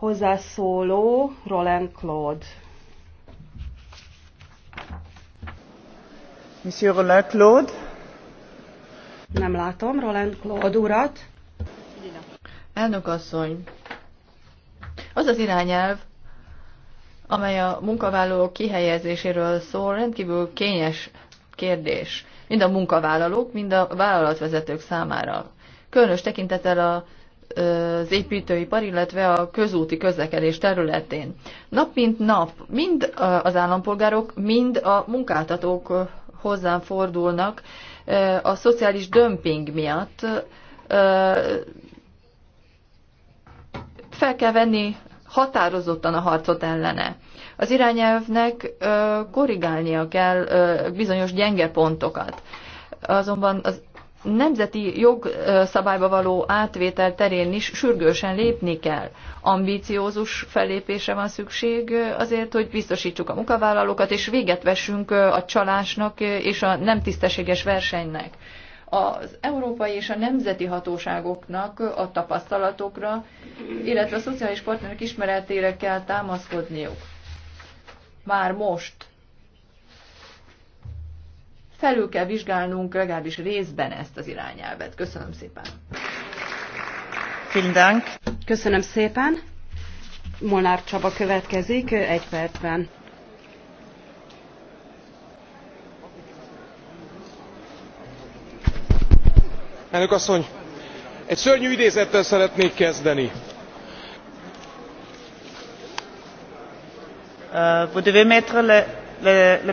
hozzászóló Roland Claude. Monsieur Roland Claude? Nem látom Roland Claude urat. Elnök asszony, az az irányelv, amely a munkavállalók kihelyezéséről szól, rendkívül kényes kérdés, mind a munkavállalók, mind a vállalatvezetők számára. Különös tekintettel a az építőipar, illetve a közúti közlekedés területén. Nap mint nap mind az állampolgárok, mind a munkáltatók hozzám fordulnak a szociális dömping miatt. Fel kell venni határozottan a harcot ellene. Az irányelvnek korrigálnia kell bizonyos gyenge pontokat. Azonban az nemzeti jogszabályba való átvétel terén is sürgősen lépni kell. Ambíciózus fellépése van szükség azért, hogy biztosítsuk a munkavállalókat, és véget vessünk a csalásnak és a nem tisztességes versenynek. Az európai és a nemzeti hatóságoknak a tapasztalatokra, illetve a szociális partnerek ismeretére kell támaszkodniuk. Már most felül kell vizsgálnunk legalábbis részben ezt az irányelvet. Köszönöm szépen. dank. Köszönöm szépen. Molnár Csaba következik egy percben. elnök asszony egy szörnyű idézettel szeretnék kezdeni uh, le, le, le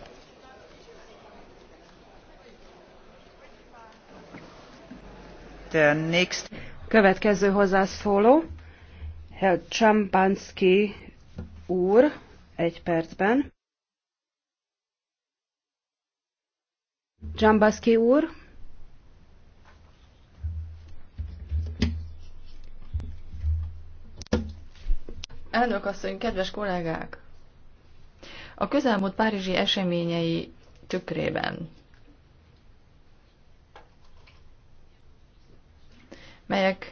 Uh, Következő hozzászóló, Herr Csampanszki úr, egy percben. Dzsambaszki úr. Elnök asszony, kedves kollégák! A közelmúlt párizsi eseményei tükrében melyek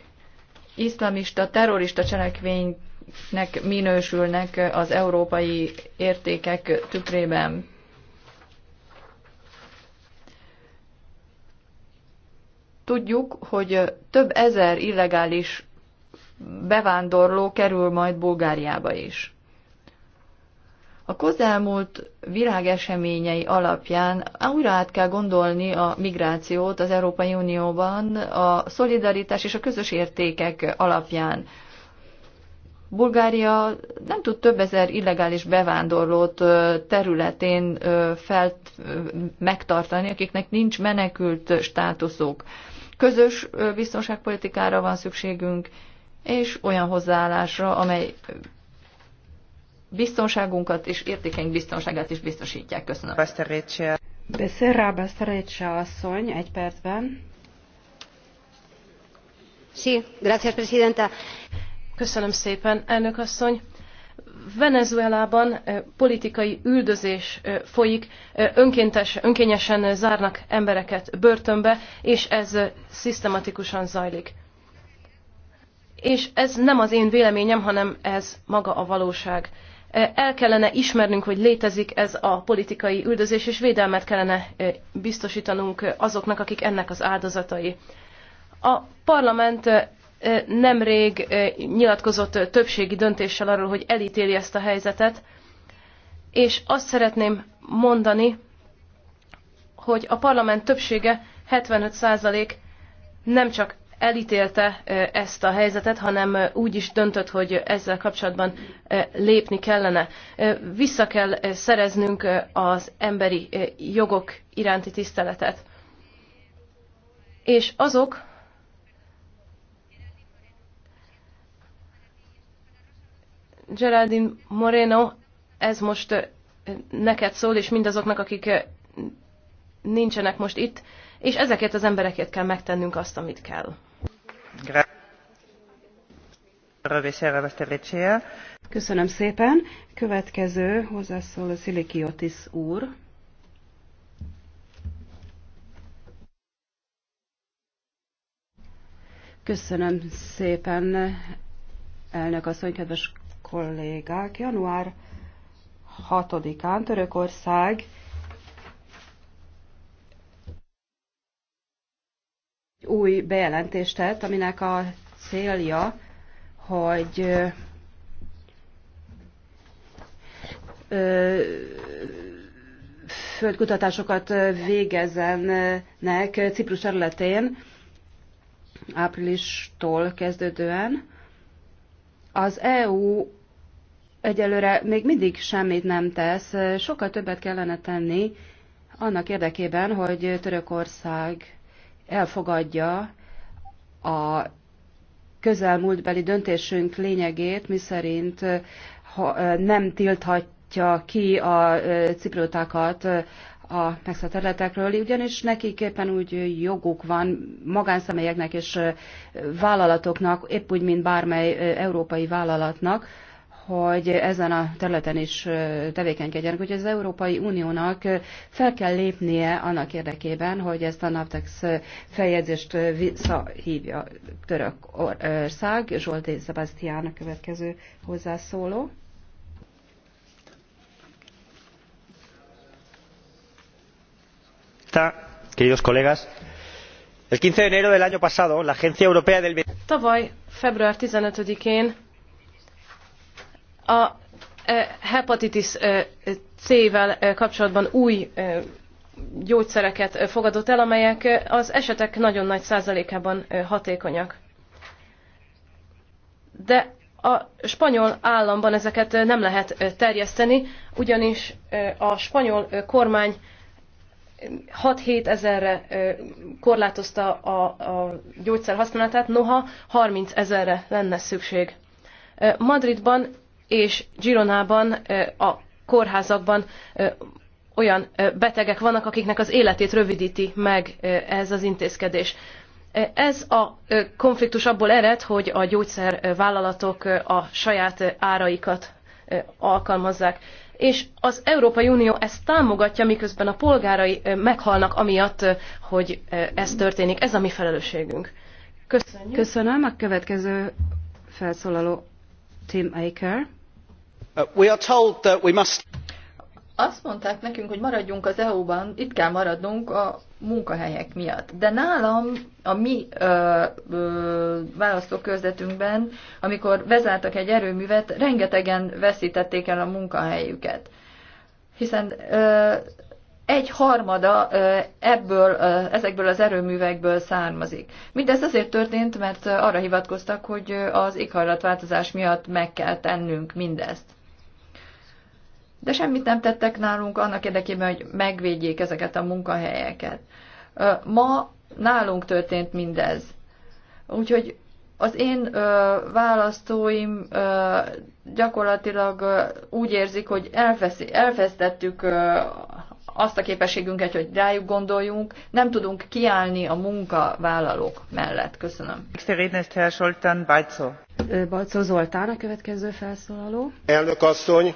iszlamista, terrorista cselekvénynek minősülnek az európai értékek tükrében. Tudjuk, hogy több ezer illegális bevándorló kerül majd Bulgáriába is. A közelmúlt világeseményei alapján újra át kell gondolni a migrációt az Európai Unióban a szolidaritás és a közös értékek alapján. Bulgária nem tud több ezer illegális bevándorlót területén felt, megtartani, akiknek nincs menekült státuszuk. Közös biztonságpolitikára van szükségünk, és olyan hozzáállásra, amely biztonságunkat és értékeink biztonságát is biztosítják. Köszönöm. Becerra Beszerécse asszony, egy percben. Sí, gracias, presidenta. Köszönöm szépen, elnök asszony. Venezuelában eh, politikai üldözés eh, folyik, eh, önkéntes, önkényesen zárnak embereket börtönbe, és ez szisztematikusan zajlik. És ez nem az én véleményem, hanem ez maga a valóság. El kellene ismernünk, hogy létezik ez a politikai üldözés, és védelmet kellene biztosítanunk azoknak, akik ennek az áldozatai. A parlament nemrég nyilatkozott többségi döntéssel arról, hogy elítéli ezt a helyzetet, és azt szeretném mondani, hogy a parlament többsége, 75% nem csak elítélte ezt a helyzetet, hanem úgy is döntött, hogy ezzel kapcsolatban lépni kellene. Vissza kell szereznünk az emberi jogok iránti tiszteletet. És azok, Geraldine Moreno, ez most neked szól, és mindazoknak, akik nincsenek most itt, és ezekért az emberekért kell megtennünk azt, amit kell. Köszönöm szépen. Következő hozzászól Szilikiotis úr. Köszönöm szépen, elnök asszony, kedves kollégák. Január 6-án Törökország új bejelentést tett, aminek a célja, hogy földkutatásokat végezzenek Ciprus területén áprilistól kezdődően. Az EU egyelőre még mindig semmit nem tesz, sokkal többet kellene tenni annak érdekében, hogy Törökország elfogadja a közelmúltbeli döntésünk lényegét, miszerint ha nem tilthatja ki a ciprótákat a megszállt területekről, ugyanis nekik éppen úgy joguk van magánszemélyeknek és vállalatoknak, épp úgy, mint bármely európai vállalatnak, hogy ezen a területen is tevékenykedjenek. hogy az Európai Uniónak fel kell lépnie annak érdekében, hogy ezt a NAPTEX feljegyzést visszahívja Törökország. Zsolté Sebastian a következő hozzászóló. Queridos colegas, el 15 de enero del año pasado, la Agencia Europea del Tavaly február 15-én a hepatitis C-vel kapcsolatban új gyógyszereket fogadott el, amelyek az esetek nagyon nagy százalékában hatékonyak. De a spanyol államban ezeket nem lehet terjeszteni, ugyanis a spanyol kormány 6-7 ezerre korlátozta a, a gyógyszer használatát, noha 30 ezerre lenne szükség. Madridban és Gironában a kórházakban olyan betegek vannak, akiknek az életét rövidíti meg ez az intézkedés. Ez a konfliktus abból ered, hogy a gyógyszervállalatok a saját áraikat alkalmazzák. És az Európai Unió ezt támogatja, miközben a polgárai meghalnak amiatt, hogy ez történik. Ez a mi felelősségünk. Köszönjük. Köszönöm. A következő felszólaló Tim Aker. Uh, we are told that we must... Azt mondták nekünk, hogy maradjunk az EU-ban, itt kell maradnunk a munkahelyek miatt. De nálam, a mi ö, ö, választókörzetünkben, amikor vezártak egy erőművet, rengetegen veszítették el a munkahelyüket. Hiszen ö, egy harmada ebből, ezekből az erőművekből származik. Mindez azért történt, mert arra hivatkoztak, hogy az éghajlatváltozás miatt meg kell tennünk mindezt de semmit nem tettek nálunk annak érdekében, hogy megvédjék ezeket a munkahelyeket. Ma nálunk történt mindez. Úgyhogy az én ö, választóim ö, gyakorlatilag ö, úgy érzik, hogy elveszi, ö, azt a képességünket, hogy rájuk gondoljunk, nem tudunk kiállni a munkavállalók mellett. Köszönöm. Balcó Zoltán a következő felszólaló. Elnök asszony,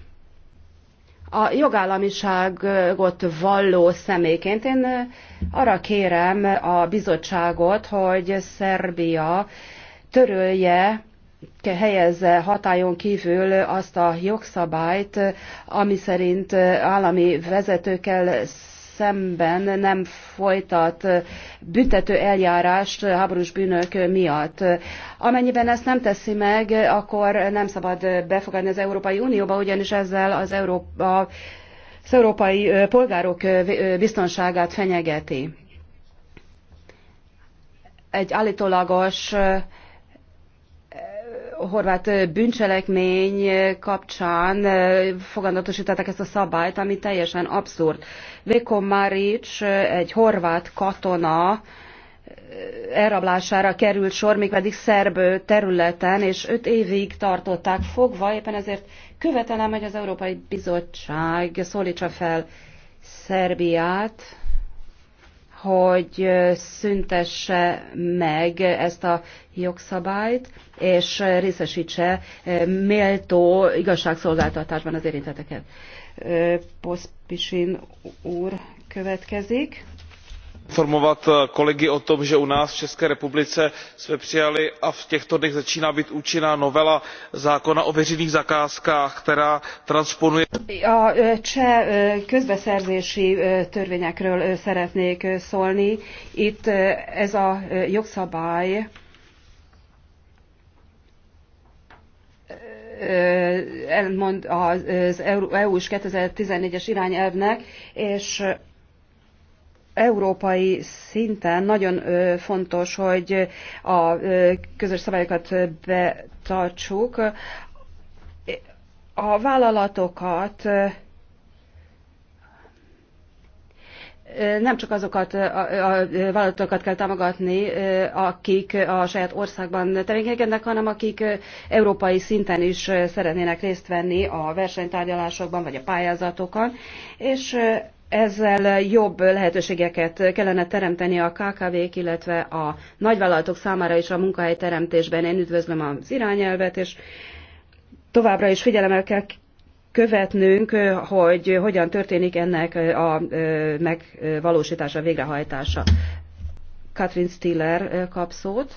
a jogállamiságot valló személyként én arra kérem a bizottságot, hogy Szerbia törölje, helyezze hatályon kívül azt a jogszabályt, ami szerint állami vezetőkkel szemben nem folytat büntető eljárást háborús bűnök miatt. Amennyiben ezt nem teszi meg, akkor nem szabad befogadni az Európai Unióba, ugyanis ezzel az Európa az európai polgárok biztonságát fenyegeti. Egy állítólagos horvát bűncselekmény kapcsán fogadatosították ezt a szabályt, ami teljesen abszurd. Veko Maric, egy horvát katona, elrablására került sor, pedig szerb területen, és öt évig tartották fogva, éppen ezért követelem, hogy az Európai Bizottság szólítsa fel Szerbiát, hogy szüntesse meg ezt a jogszabályt, és részesítse méltó igazságszolgáltatásban az érinteteket. Poszpisin úr következik informovat eh, kolegy o tom že u nás v české republice jsme přijali a v těchto dnech začíná být účinná novela zákona o veřejných zakázkách která transponuje. a eh, cseh eh, közbeszerzési törvényekről szeretnék szólni. itt ez a jogszabály ellentmond az EU-s e e 2014-es irányelvnek, és európai szinten nagyon fontos, hogy a közös szabályokat betartsuk. A vállalatokat nem csak azokat a vállalatokat kell támogatni, akik a saját országban tevékenykednek, hanem akik európai szinten is szeretnének részt venni a versenytárgyalásokban vagy a pályázatokon, és ezzel jobb lehetőségeket kellene teremteni a KKV-k, illetve a nagyvállalatok számára is a munkahelyteremtésben. Én üdvözlöm az irányelvet, és továbbra is figyelemmel kell követnünk, hogy hogyan történik ennek a megvalósítása, végrehajtása. Katrin Stiller kap szót.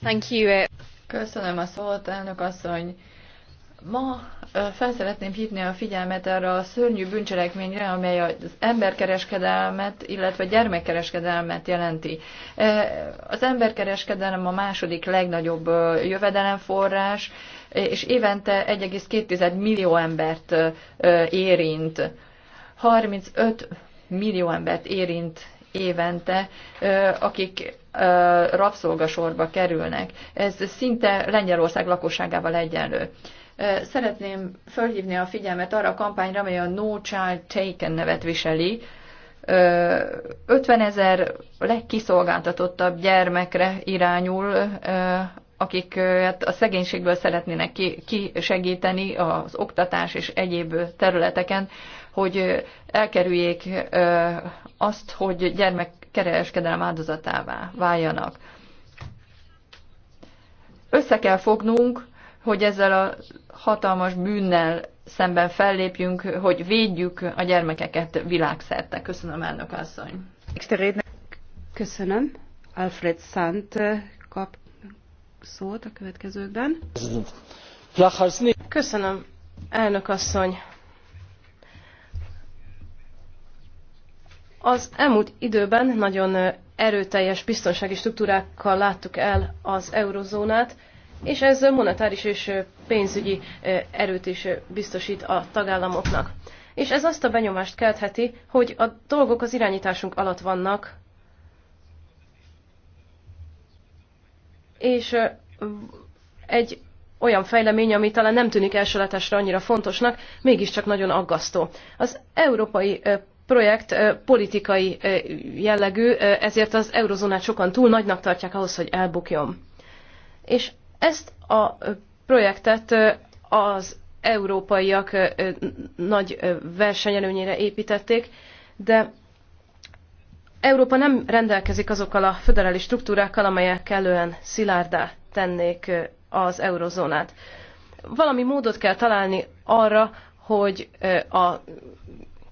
Thank you. Köszönöm a szót, elnök asszony. Ma fel szeretném hívni a figyelmet arra a szörnyű bűncselekményre, amely az emberkereskedelmet, illetve gyermekkereskedelmet jelenti. Az emberkereskedelem a második legnagyobb jövedelemforrás, és évente 1,2 millió embert érint. 35 millió embert érint évente, akik rabszolgasorba kerülnek. Ez szinte Lengyelország lakosságával egyenlő. Szeretném fölhívni a figyelmet arra a kampányra, amely a No Child Taken nevet viseli. 50 ezer legkiszolgáltatottabb gyermekre irányul, akik hát a szegénységből szeretnének kisegíteni az oktatás és egyéb területeken, hogy elkerüljék azt, hogy gyermekkereskedelem áldozatává váljanak. Össze kell fognunk, hogy ezzel a hatalmas bűnnel szemben fellépjünk, hogy védjük a gyermekeket világszerte. Köszönöm, elnök asszony. Köszönöm. Alfred Sant kap szót a következőkben. Köszönöm, elnök asszony. Az elmúlt időben nagyon erőteljes biztonsági struktúrákkal láttuk el az eurozónát, és ez monetáris és pénzügyi erőt is biztosít a tagállamoknak. És ez azt a benyomást keltheti, hogy a dolgok az irányításunk alatt vannak, és egy olyan fejlemény, ami talán nem tűnik elsőletesre annyira fontosnak, mégiscsak nagyon aggasztó. Az európai projekt politikai jellegű, ezért az eurozónát sokan túl nagynak tartják ahhoz, hogy elbukjon. És ezt a projektet az európaiak nagy versenyelőnyére építették, de Európa nem rendelkezik azokkal a föderális struktúrákkal, amelyek kellően szilárdá tennék az eurozónát. Valami módot kell találni arra, hogy a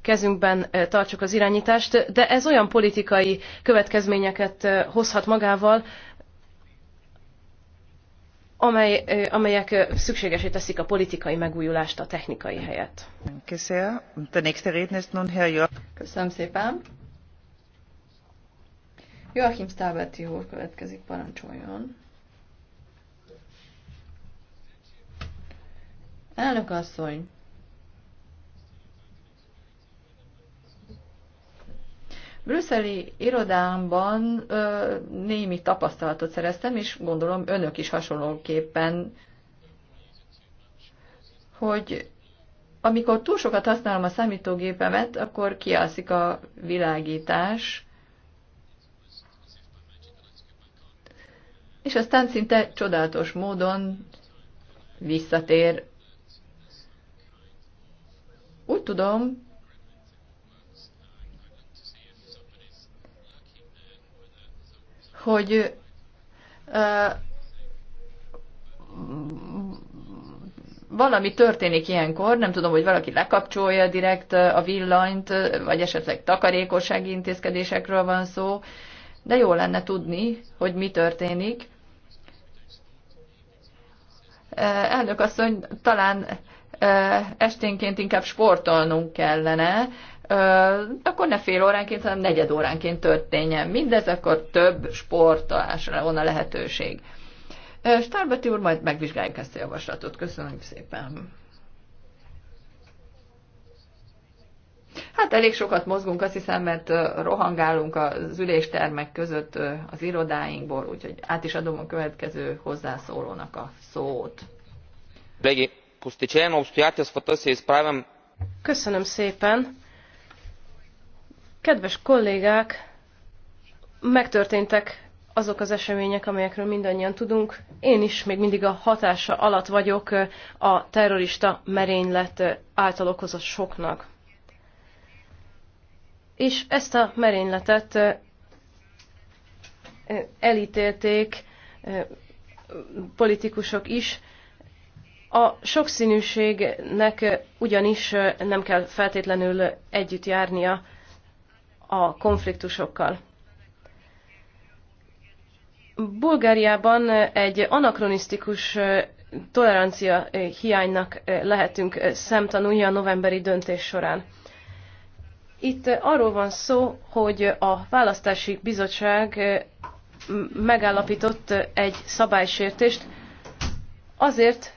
kezünkben tartsuk az irányítást, de ez olyan politikai következményeket hozhat magával, amely, amelyek szükségesé teszik a politikai megújulást a technikai helyett. Köszönöm szépen. Joachim Stábeti úr következik, parancsoljon. Elnök asszony, Brüsszeli irodámban ö, némi tapasztalatot szereztem, és gondolom önök is hasonlóképpen, hogy amikor túl sokat használom a számítógépemet, akkor kiászik a világítás, és aztán szinte csodálatos módon visszatér. Úgy tudom, hogy valami történik ilyenkor, nem tudom, hogy valaki lekapcsolja direkt a villanyt, vagy esetleg takarékossági intézkedésekről van szó, de jó lenne tudni, hogy mi történik. Elnök asszony, talán esténként inkább sportolnunk kellene, akkor ne fél óránként, hanem negyed óránként történjen. Mindez akkor több sportolásra a lehetőség. Stárbeti úr, majd megvizsgáljuk ezt a javaslatot. Köszönöm szépen. Hát elég sokat mozgunk, azt hiszem, mert rohangálunk az üléstermek között az irodáinkból, úgyhogy át is adom a következő hozzászólónak a szót. Köszönöm szépen. Kedves kollégák, megtörténtek azok az események, amelyekről mindannyian tudunk. Én is még mindig a hatása alatt vagyok a terrorista merénylet által okozott soknak. És ezt a merényletet elítélték politikusok is, a sokszínűségnek ugyanis nem kell feltétlenül együtt járnia a konfliktusokkal. Bulgáriában egy anakronisztikus tolerancia hiánynak lehetünk szemtanulni a novemberi döntés során. Itt arról van szó, hogy a választási bizottság megállapított egy szabálysértést azért,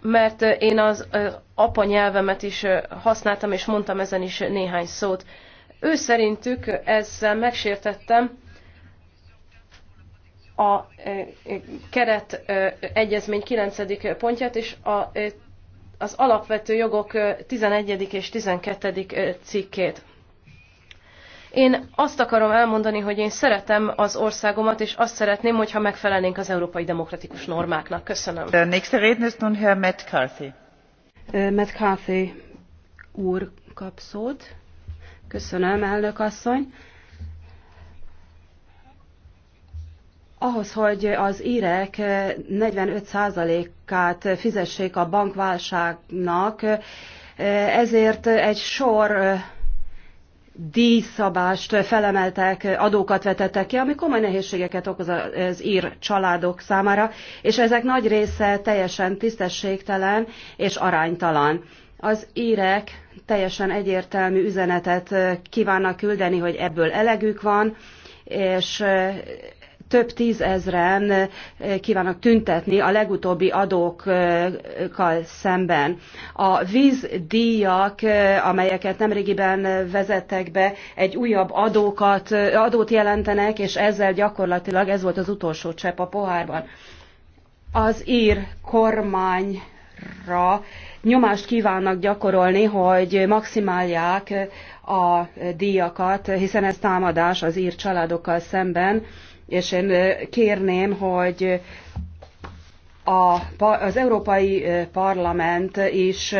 mert én az apa nyelvemet is használtam, és mondtam ezen is néhány szót. Ő szerintük ezzel megsértettem a keret egyezmény 9. pontját, és a, az alapvető jogok 11. és 12. cikkét. Én azt akarom elmondani, hogy én szeretem az országomat, és azt szeretném, hogyha megfelelnénk az európai demokratikus normáknak. Köszönöm. A nächste Redner ist nun Herr úr kap szót. Köszönöm, elnök asszony. Ahhoz, hogy az írek 45%-át fizessék a bankválságnak, ezért egy sor díjszabást felemeltek, adókat vetettek ki, ami komoly nehézségeket okoz az ír családok számára, és ezek nagy része teljesen tisztességtelen és aránytalan. Az írek teljesen egyértelmű üzenetet kívánnak küldeni, hogy ebből elegük van, és több tízezren eh, kívánnak tüntetni a legutóbbi adókkal szemben. A vízdíjak, eh, amelyeket nemrégiben vezettek be, egy újabb adókat, eh, adót jelentenek, és ezzel gyakorlatilag ez volt az utolsó csepp a pohárban. Az ír kormányra nyomást kívánnak gyakorolni, hogy maximálják a díjakat, hiszen ez támadás az ír családokkal szemben és én kérném, hogy a, az Európai Parlament is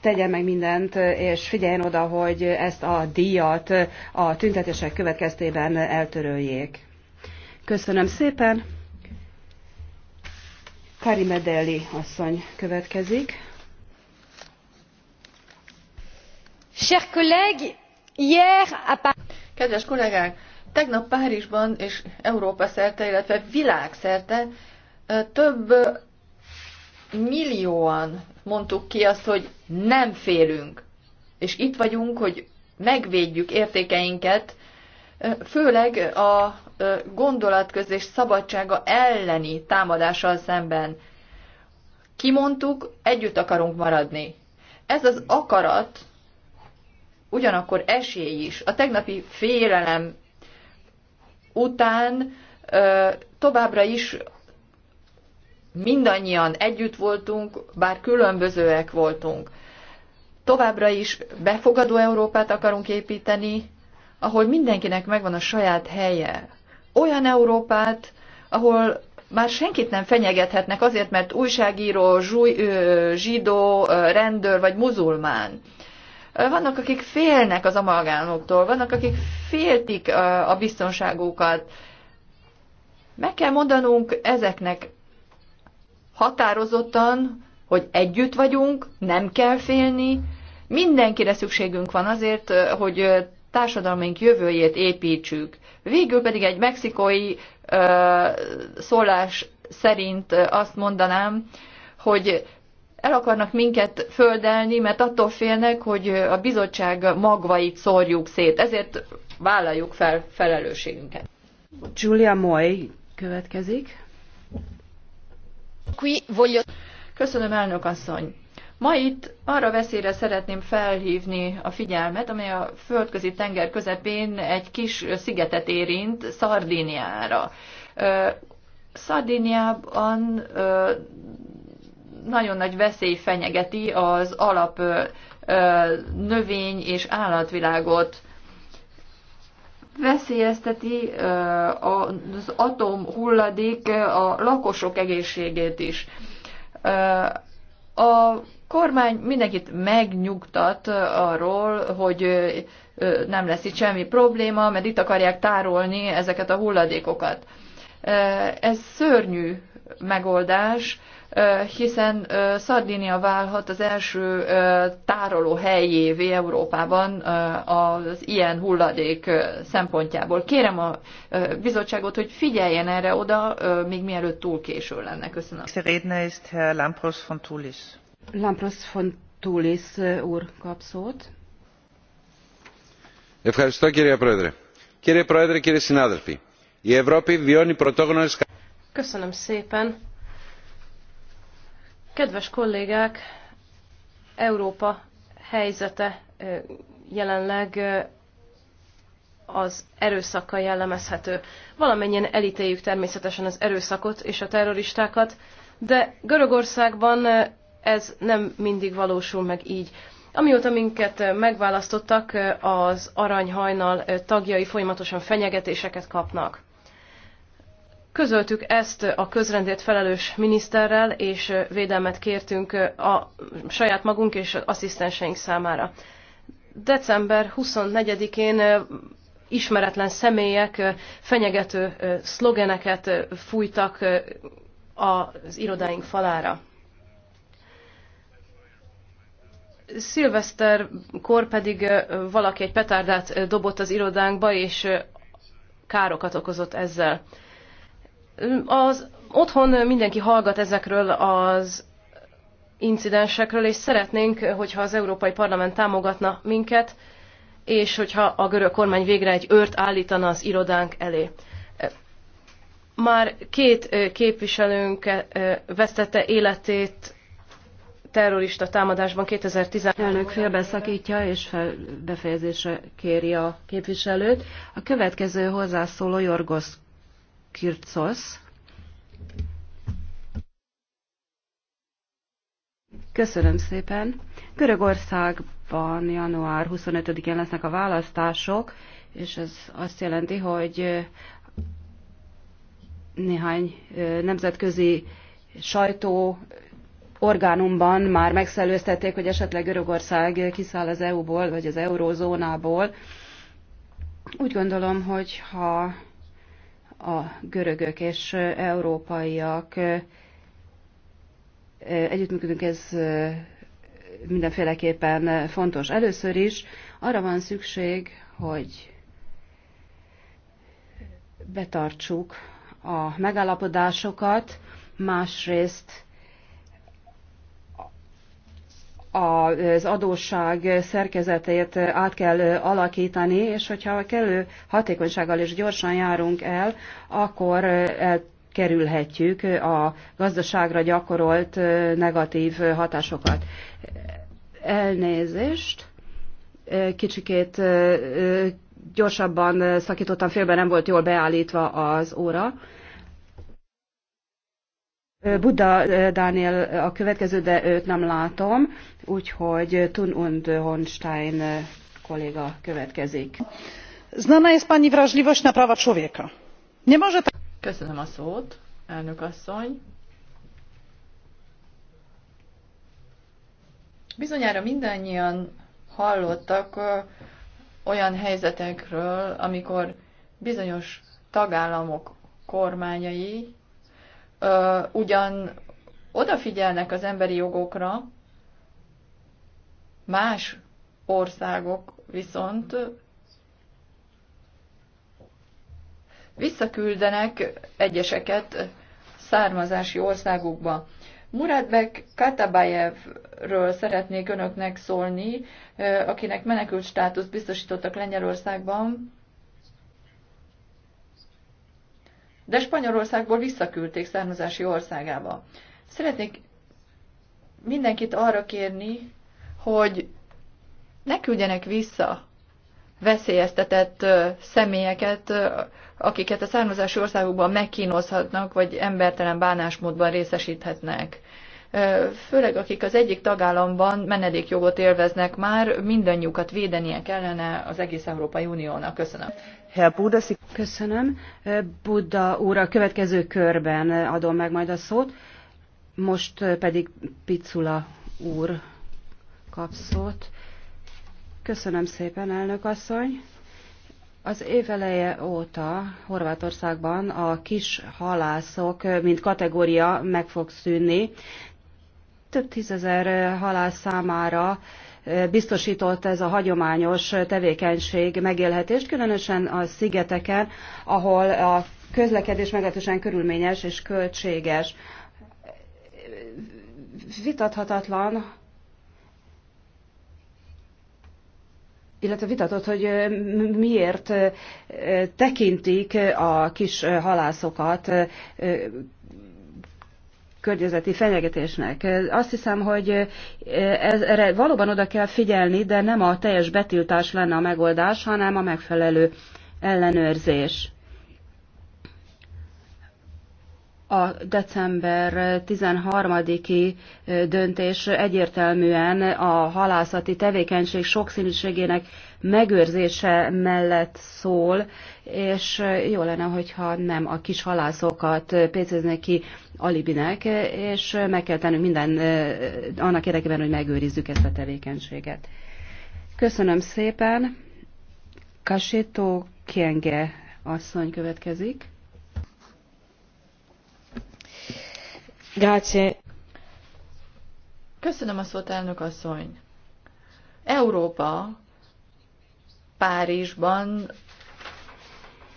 tegyen meg mindent, és figyeljen oda, hogy ezt a díjat a tüntetések következtében eltöröljék. Köszönöm szépen. Medelli asszony következik. Chers collègues, hier à Kedves kollégák, Tegnap Párizsban és Európa szerte, illetve világszerte több millióan mondtuk ki azt, hogy nem félünk. És itt vagyunk, hogy megvédjük értékeinket, főleg a gondolatközés szabadsága elleni támadással szemben. Kimondtuk, együtt akarunk maradni. Ez az akarat ugyanakkor esély is. A tegnapi félelem után továbbra is mindannyian együtt voltunk, bár különbözőek voltunk. Továbbra is befogadó Európát akarunk építeni, ahol mindenkinek megvan a saját helye. Olyan Európát, ahol már senkit nem fenyegethetnek azért, mert újságíró, zsúj, zsidó, rendőr vagy muzulmán. Vannak, akik félnek az amalgánoktól, vannak, akik féltik a biztonságukat. Meg kell mondanunk ezeknek határozottan, hogy együtt vagyunk, nem kell félni, mindenkire szükségünk van azért, hogy társadalmunk jövőjét építsük. Végül pedig egy mexikói ö, szólás szerint azt mondanám, hogy el akarnak minket földelni, mert attól félnek, hogy a bizottság magvait szórjuk szét. Ezért vállaljuk fel felelősségünket. Julia Moy következik. Köszönöm, elnök asszony. Ma itt arra veszélyre szeretném felhívni a figyelmet, amely a földközi tenger közepén egy kis szigetet érint, Szardíniára. Szardíniában nagyon nagy veszély fenyegeti az alap növény és állatvilágot. Veszélyezteti az atom hulladék a lakosok egészségét is. A kormány mindenkit megnyugtat arról, hogy nem lesz itt semmi probléma, mert itt akarják tárolni ezeket a hulladékokat. Ez szörnyű megoldás, hiszen Szardinia válhat az első tároló helyévé Európában az ilyen hulladék szempontjából. Kérem a bizottságot, hogy figyeljen erre oda, még mielőtt túl késő lenne. Köszönöm. Lampros von Tulis. Lampros von Tulis úr kap szót. Ευχαριστώ κύριε Πρόεδρε. Κύριε Πρόεδρε, κύριε συνάδελφοι, η Ευρώπη βιώνει πρωτόγνωρες... Köszönöm szépen. Kedves kollégák, Európa helyzete jelenleg az erőszakkal jellemezhető. Valamennyien elítéljük természetesen az erőszakot és a terroristákat, de Görögországban ez nem mindig valósul meg így. Amióta minket megválasztottak, az aranyhajnal tagjai folyamatosan fenyegetéseket kapnak. Közöltük ezt a közrendért felelős miniszterrel, és védelmet kértünk a saját magunk és az asszisztenseink számára. December 24-én ismeretlen személyek fenyegető szlogeneket fújtak az irodáink falára. Szilveszterkor pedig valaki egy petárdát dobott az irodánkba, és károkat okozott ezzel. Az otthon mindenki hallgat ezekről az incidensekről, és szeretnénk, hogyha az Európai Parlament támogatna minket, és hogyha a görög kormány végre egy őrt állítana az irodánk elé. Már két képviselőnk vesztette életét terrorista támadásban 2010 Elnök félbeszakítja és fel befejezésre kéri a képviselőt. A következő hozzászóló Jorgosz Kircosz. Köszönöm szépen. Görögországban január 25-én lesznek a választások, és ez azt jelenti, hogy néhány nemzetközi sajtó orgánumban már megszellőztették, hogy esetleg Görögország kiszáll az EU-ból, vagy az eurózónából. Úgy gondolom, hogy ha a görögök és európaiak. Együttműködünk, ez mindenféleképpen fontos. Először is arra van szükség, hogy betartsuk a megállapodásokat, másrészt az adósság szerkezetét át kell alakítani, és hogyha kellő hatékonysággal és gyorsan járunk el, akkor elkerülhetjük a gazdaságra gyakorolt eh, negatív hatásokat. Elnézést, eh, kicsikét eh, gyorsabban szakítottam félbe, nem volt jól beállítva az óra. Buddha Daniel a következő, de őt nem látom, úgyhogy Tun und Hornstein kolléga következik. Znana jest pani wrażliwość na prawa człowieka. Nie może... Köszönöm a szót, elnök asszony. Bizonyára mindannyian hallottak olyan helyzetekről, amikor bizonyos tagállamok kormányai ugyan odafigyelnek az emberi jogokra, más országok viszont visszaküldenek egyeseket származási országukba. Muradbek Katabayevről szeretnék önöknek szólni, akinek menekült státusz biztosítottak Lengyelországban, de Spanyolországból visszaküldték származási országába. Szeretnék mindenkit arra kérni, hogy ne küldjenek vissza veszélyeztetett személyeket, akiket a származási országokban megkínozhatnak, vagy embertelen bánásmódban részesíthetnek főleg akik az egyik tagállamban menedékjogot élveznek már, mindannyiukat védenie kellene az egész Európai Uniónak. Köszönöm. Köszönöm. Buda úr, a következő körben adom meg majd a szót. Most pedig Picula úr kap szót. Köszönöm szépen, elnök asszony. Az éveleje óta Horvátországban a kis halászok, mint kategória meg fog szűnni, több tízezer halász számára biztosított ez a hagyományos tevékenység megélhetést, különösen a szigeteken, ahol a közlekedés meglehetősen körülményes és költséges. Vitathatatlan, illetve vitatott, hogy miért tekintik a kis halászokat környezeti fenyegetésnek. Azt hiszem, hogy eh, ez, erre valóban oda kell figyelni, de nem a teljes betiltás lenne a megoldás, hanem a megfelelő ellenőrzés. A december 13-i eh, döntés egyértelműen a halászati tevékenység sokszínűségének megőrzése mellett szól, és jó lenne, hogyha nem a kis halászokat pécéznék ki alibinek, és meg kell tennünk minden annak érdekében, hogy megőrizzük ezt a tevékenységet. Köszönöm szépen. Kasító Kienge asszony következik. Grazie. Köszönöm a szót, elnök asszony. Európa Párizsban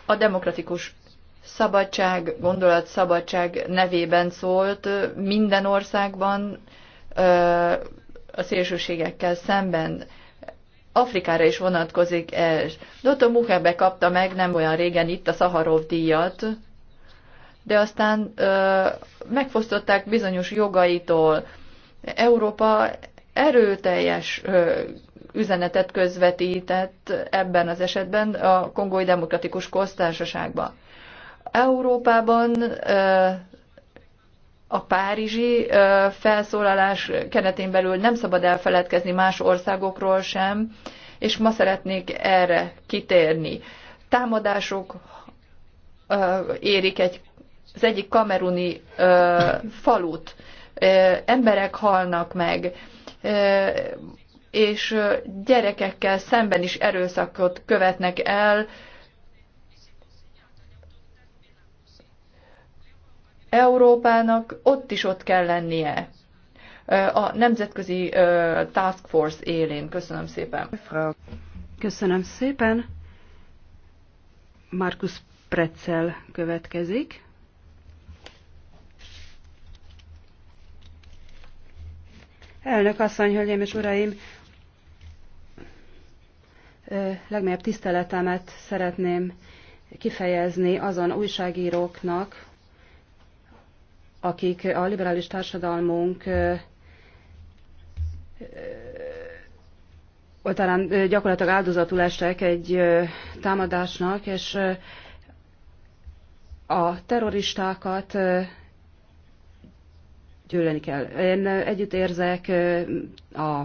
a demokratikus szabadság, gondolatszabadság nevében szólt minden országban a szélsőségekkel szemben. Afrikára is vonatkozik ez. Dr. Mukabe kapta meg nem olyan régen itt a Szaharov díjat, de aztán ö, megfosztották bizonyos jogaitól. Európa erőteljes ö, üzenetet közvetített ebben az esetben a Kongói Demokratikus Köztársaságba. Európában a párizsi felszólalás keretén belül nem szabad elfeledkezni más országokról sem, és ma szeretnék erre kitérni. Támadások érik egy, az egyik kameruni falut, emberek halnak meg, és gyerekekkel szemben is erőszakot követnek el. Európának ott is ott kell lennie. A nemzetközi task force élén. Köszönöm szépen. Köszönöm szépen. Markus Pretzel következik. Elnök asszony, hölgyeim és uraim! legmélyebb tiszteletemet szeretném kifejezni azon újságíróknak, akik a liberális társadalmunk oltárán gyakorlatilag áldozatul estek egy támadásnak, és a terroristákat gyűlölni kell. Én együtt érzek a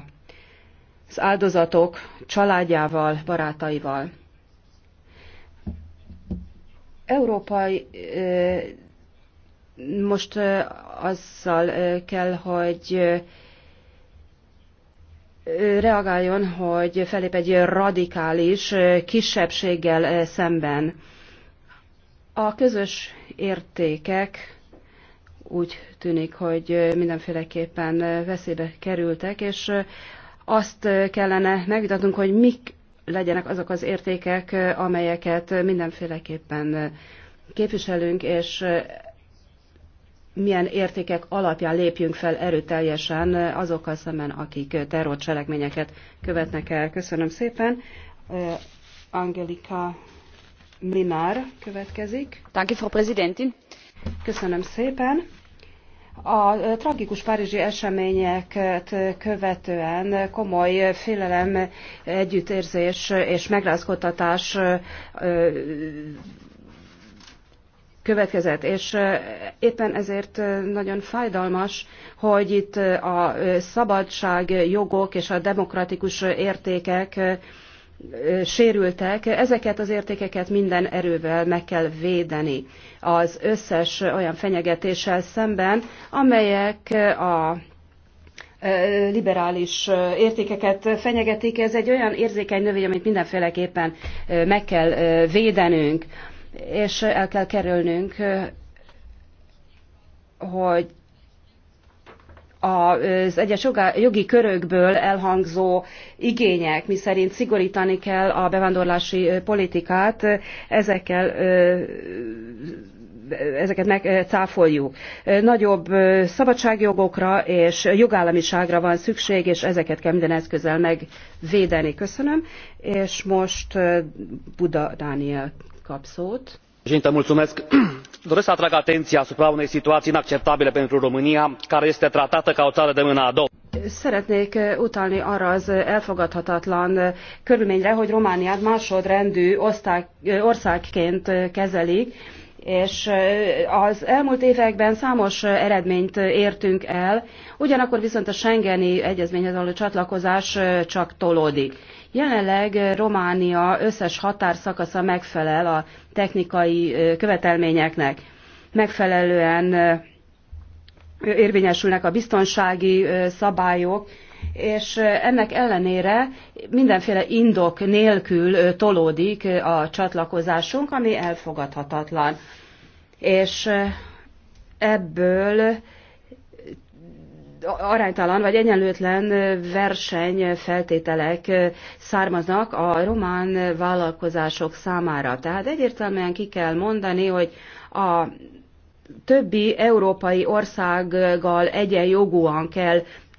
az áldozatok családjával, barátaival. Európai most azzal kell, hogy reagáljon, hogy felép egy radikális kisebbséggel szemben. A közös értékek úgy tűnik, hogy mindenféleképpen veszélybe kerültek, és azt eh, kellene megvitatnunk, hogy mik legyenek azok az értékek, eh, amelyeket mindenféleképpen eh, képviselünk, és milyen értékek alapján lépjünk fel erőteljesen azokkal szemben, akik terrorcselekményeket követnek el. Köszönöm szépen. Angelika Minár következik. Danke, Frau Präsidentin. Köszönöm szépen. A tragikus párizsi eseményeket követően komoly félelem, együttérzés és megrázkodtatás következett, és éppen ezért nagyon fájdalmas, hogy itt a szabadság, jogok és a demokratikus értékek sérültek, ezeket az értékeket minden erővel meg kell védeni az összes olyan fenyegetéssel szemben, amelyek a liberális értékeket fenyegetik. Ez egy olyan érzékeny növény, amit mindenféleképpen meg kell védenünk, és el kell kerülnünk, hogy az egyes jogi körökből elhangzó igények, miszerint szigorítani kell a bevándorlási politikát, ezekkel ezeket megcáfoljuk. Nagyobb szabadságjogokra és jogállamiságra van szükség, és ezeket kell minden eszközzel megvédeni. Köszönöm. És most Buda Dániel kap szót. doresc să atrag atenția asupra unei situații inacceptabile pentru românia care este tratată ca o țară de mâna a doua. szeretnék eh, utalni arra az eh, elfogadhatatlan eh, körülményre hogy romániát másodrendű országként kezelik és az elmúlt években számos eredményt értünk el, ugyanakkor viszont a Schengeni egyezményhez való csatlakozás csak tolódik. Jelenleg Románia összes határszakasza megfelel a technikai követelményeknek. Megfelelően érvényesülnek a biztonsági szabályok, és ennek ellenére mindenféle indok nélkül tolódik a csatlakozásunk, ami elfogadhatatlan. És ebből aránytalan vagy egyenlőtlen versenyfeltételek származnak a román vállalkozások számára. Tehát egyértelműen ki kell mondani, hogy a többi európai országgal egyenjogúan kell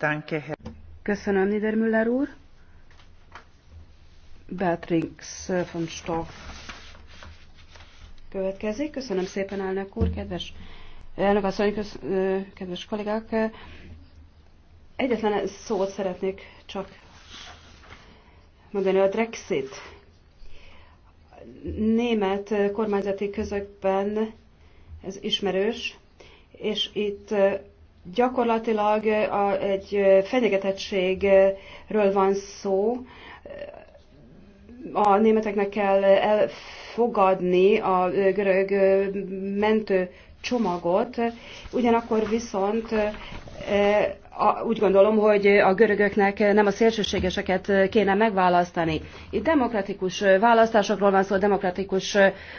Danke. Köszönöm, Niedermüller úr. Beatrix von Stock következik. Köszönöm szépen, elnök úr, kedves elnök asszony, köz, kedves kollégák. Egyetlen szót szeretnék csak mondani a Drexit. Német kormányzati közökben ez ismerős, és itt gyakorlatilag a, egy fenyegetettségről van szó. A németeknek kell elfogadni a görög mentő csomagot, ugyanakkor viszont úgy gondolom, hogy a görögöknek nem a szélsőségeseket kéne megválasztani. Itt demokratikus választásokról van szó, demokratikus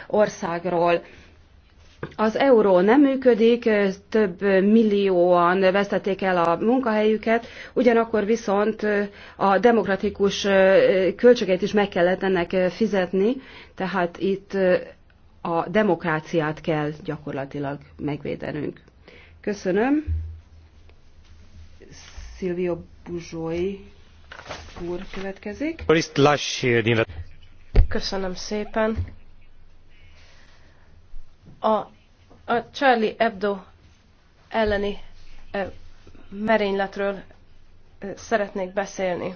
országról. Az euró nem működik, több millióan vesztették el a munkahelyüket, ugyanakkor viszont a demokratikus költségeit is meg kellett ennek fizetni, tehát itt a demokráciát kell gyakorlatilag megvédenünk. Köszönöm. Silvio Buzsói úr következik. Köszönöm szépen a, a Charlie Hebdo elleni merényletről szeretnék beszélni.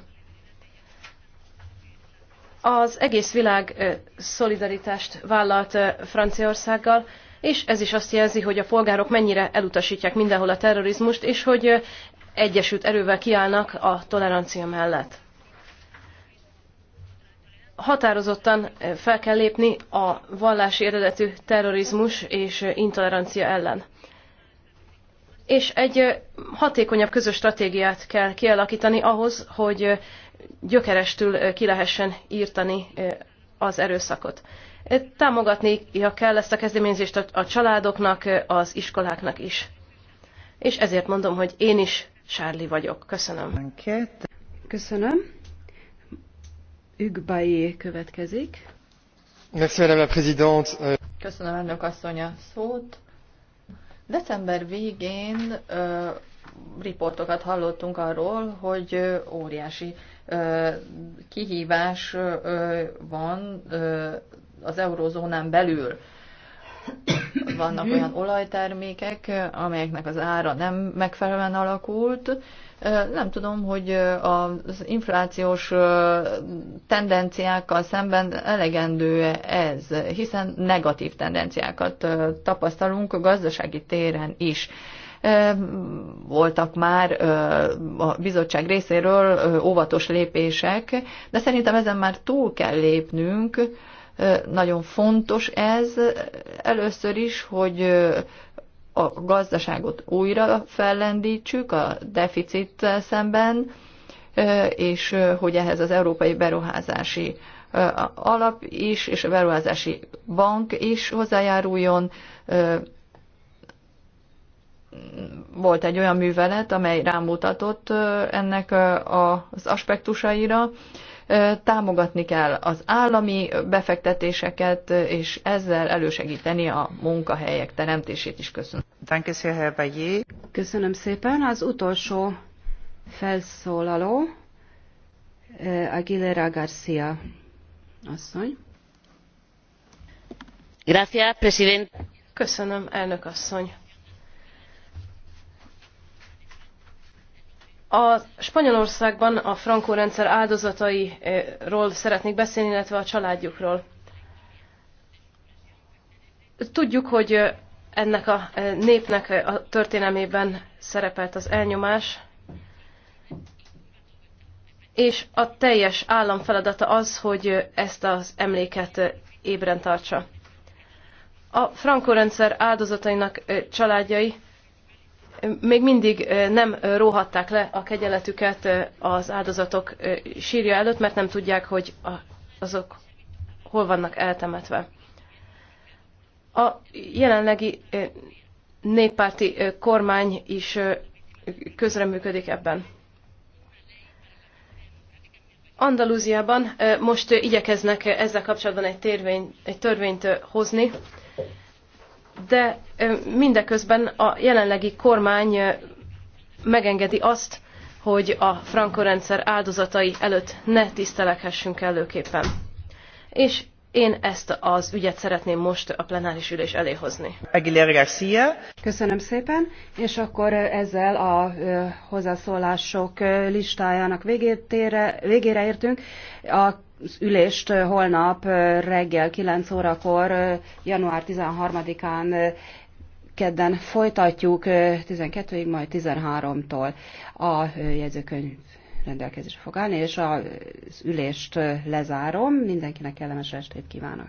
Az egész világ szolidaritást vállalt Franciaországgal, és ez is azt jelzi, hogy a polgárok mennyire elutasítják mindenhol a terrorizmust, és hogy egyesült erővel kiállnak a tolerancia mellett határozottan eh, fel kell lépni a vallási eredetű terrorizmus és eh, intolerancia ellen. És egy eh, hatékonyabb közös stratégiát kell kialakítani ahhoz, hogy gyökerestül ki lehessen írtani az erőszakot. Támogatnia kell ezt a kezdeményezést a családoknak, az iskoláknak is. És ezért mondom, hogy én is Sárli vagyok. Köszönöm. Köszönöm következik. Merci, Madame la Présidente. Köszönöm, elnök asszony, a szót. December végén ö, riportokat hallottunk arról, hogy óriási ö, kihívás ö, van ö, az eurózónán belül. Ö, vannak olyan olajtermékek, amelyeknek az ára nem megfelelően alakult. Nem tudom, hogy az inflációs tendenciákkal szemben elegendő ez, hiszen negatív tendenciákat tapasztalunk a gazdasági téren is voltak már a bizottság részéről óvatos lépések, de szerintem ezen már túl kell lépnünk, nagyon fontos ez először is, hogy a gazdaságot újra fellendítsük a deficit szemben, és hogy ehhez az Európai Beruházási Alap is, és a Beruházási Bank is hozzájáruljon. Volt egy olyan művelet, amely rámutatott ennek az aspektusaira, támogatni kell az állami befektetéseket, és ezzel elősegíteni a munkahelyek teremtését is. Köszönöm. Köszönöm szépen. Az utolsó felszólaló Aguilera Garcia asszony. Gracias, president. Köszönöm, elnök asszony A Spanyolországban a frankó rendszer áldozatairól szeretnék beszélni, illetve a családjukról. Tudjuk, hogy ennek a népnek a történelmében szerepelt az elnyomás, és a teljes állam feladata az, hogy ezt az emléket ébren tartsa. A frankó rendszer áldozatainak családjai még mindig nem róhatták le a kegyeletüket az áldozatok sírja előtt, mert nem tudják, hogy azok hol vannak eltemetve. A jelenlegi néppárti kormány is közreműködik ebben. Andalúziában most igyekeznek ezzel kapcsolatban egy, térvény, egy törvényt hozni, de mindeközben a jelenlegi kormány megengedi azt, hogy a frankorendszer áldozatai előtt ne tisztelekhessünk előképpen. És én ezt az ügyet szeretném most a plenáris ülés elé hozni. Aguilera Garcia. Köszönöm szépen, és akkor ezzel a hozzászólások listájának végére, végére értünk. A az ülést holnap reggel 9 órakor, január 13-án kedden folytatjuk 12-ig, majd 13-tól a jegyzőkönyv rendelkezésre fog állni, és az ülést lezárom. Mindenkinek kellemes estét kívánok!